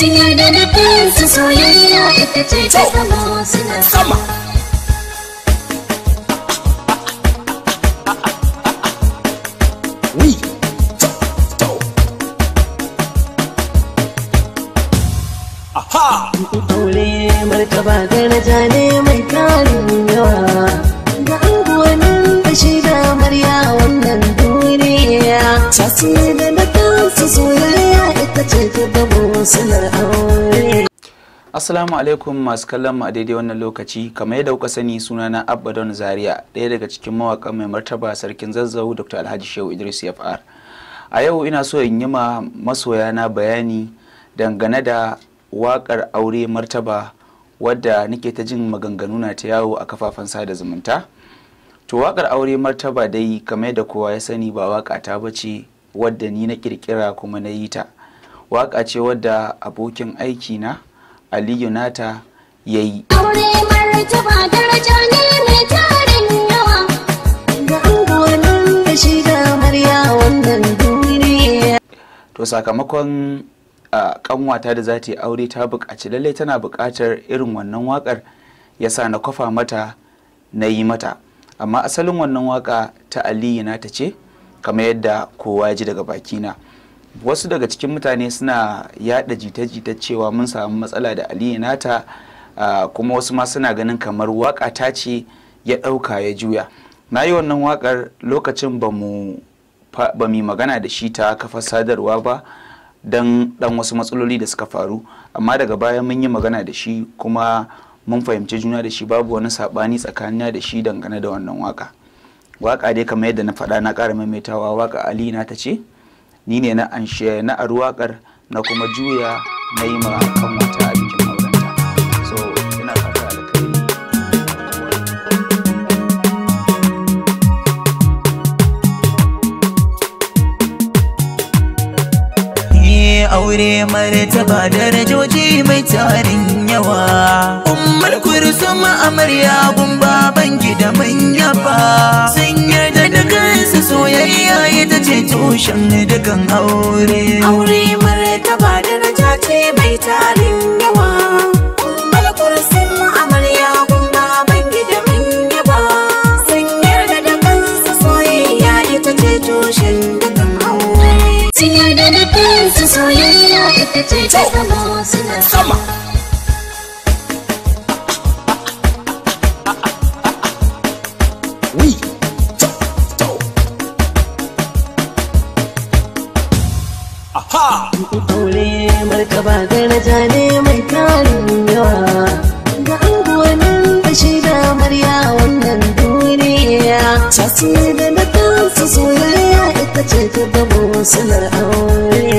suna da nufin su soyayya ita ce ta zama suna sama Aure martaba daraja ne asalamu alaikum masu kallon mu a daidai wannan lokaci kamar yadda kuka sani sunana Abba Don Zaria ɗaya daga cikin mawaƙan mai martaba sarkin zazzau Dr. Alhaji Shehu Idris FR. A yau ina so in yi ma masoya na bayani dangane da waƙar aure martaba wadda nake ta jin maganganu na ta yawo a kafafen sada zumunta. To waƙar aure martaba dai kamar yadda kowa ya sani ba waƙa ta bace wadda ni na ƙirƙira kuma na yi ta. waka ce wadda abokin aiki na aliyu nata ya yi to sakamakon kanwata da za ta yi aure ta buƙaci lallai tana buƙatar irin wannan waƙar ya sa na kwafa mata na yi mata amma asalin wannan waƙa ta aliyu nata ce kamar yadda kowa ji daga bakina. wasu daga cikin mutane suna yada jita-jita cewa mun samu matsala da aliyu nata kuma wasu ma suna ganin kamar waka ta ce ya ɗauka ya juya na yi wannan wakar lokacin ba mu magana da shi ta kafar sadarwa ba don dan wasu matsaloli da suka faru amma daga baya mun yi magana da shi kuma mun fahimci juna da shi babu wani sabani tsakanina da shi dangane da wannan waka waka dai kamar yadda na faɗa na ƙara maimaitawa waka ali na ta ce ni ne na anshe na arwakar na kuma juya na yi ma kan wata a bikin aurenta so ina fata Yi aure martaba darajoji mai tarin yawa ummar kursuma amarya gun gumba gida manya ba tushen ne dukan aure aure martaba da naja ce mai tarin yawa balkursin amarya kuma ban gida min yaba sun yarda da kansa soyayya ita ce tushen dukan aure sun yarda da kansa soyayya ita ce ta zama suna sama Aha! Dole markaba daraja ne mai tarin yawa ga anguwannin da shi da amarya wannan duniya. Tasiri da na kansa soyayya ita ce ta gabo sanar aure.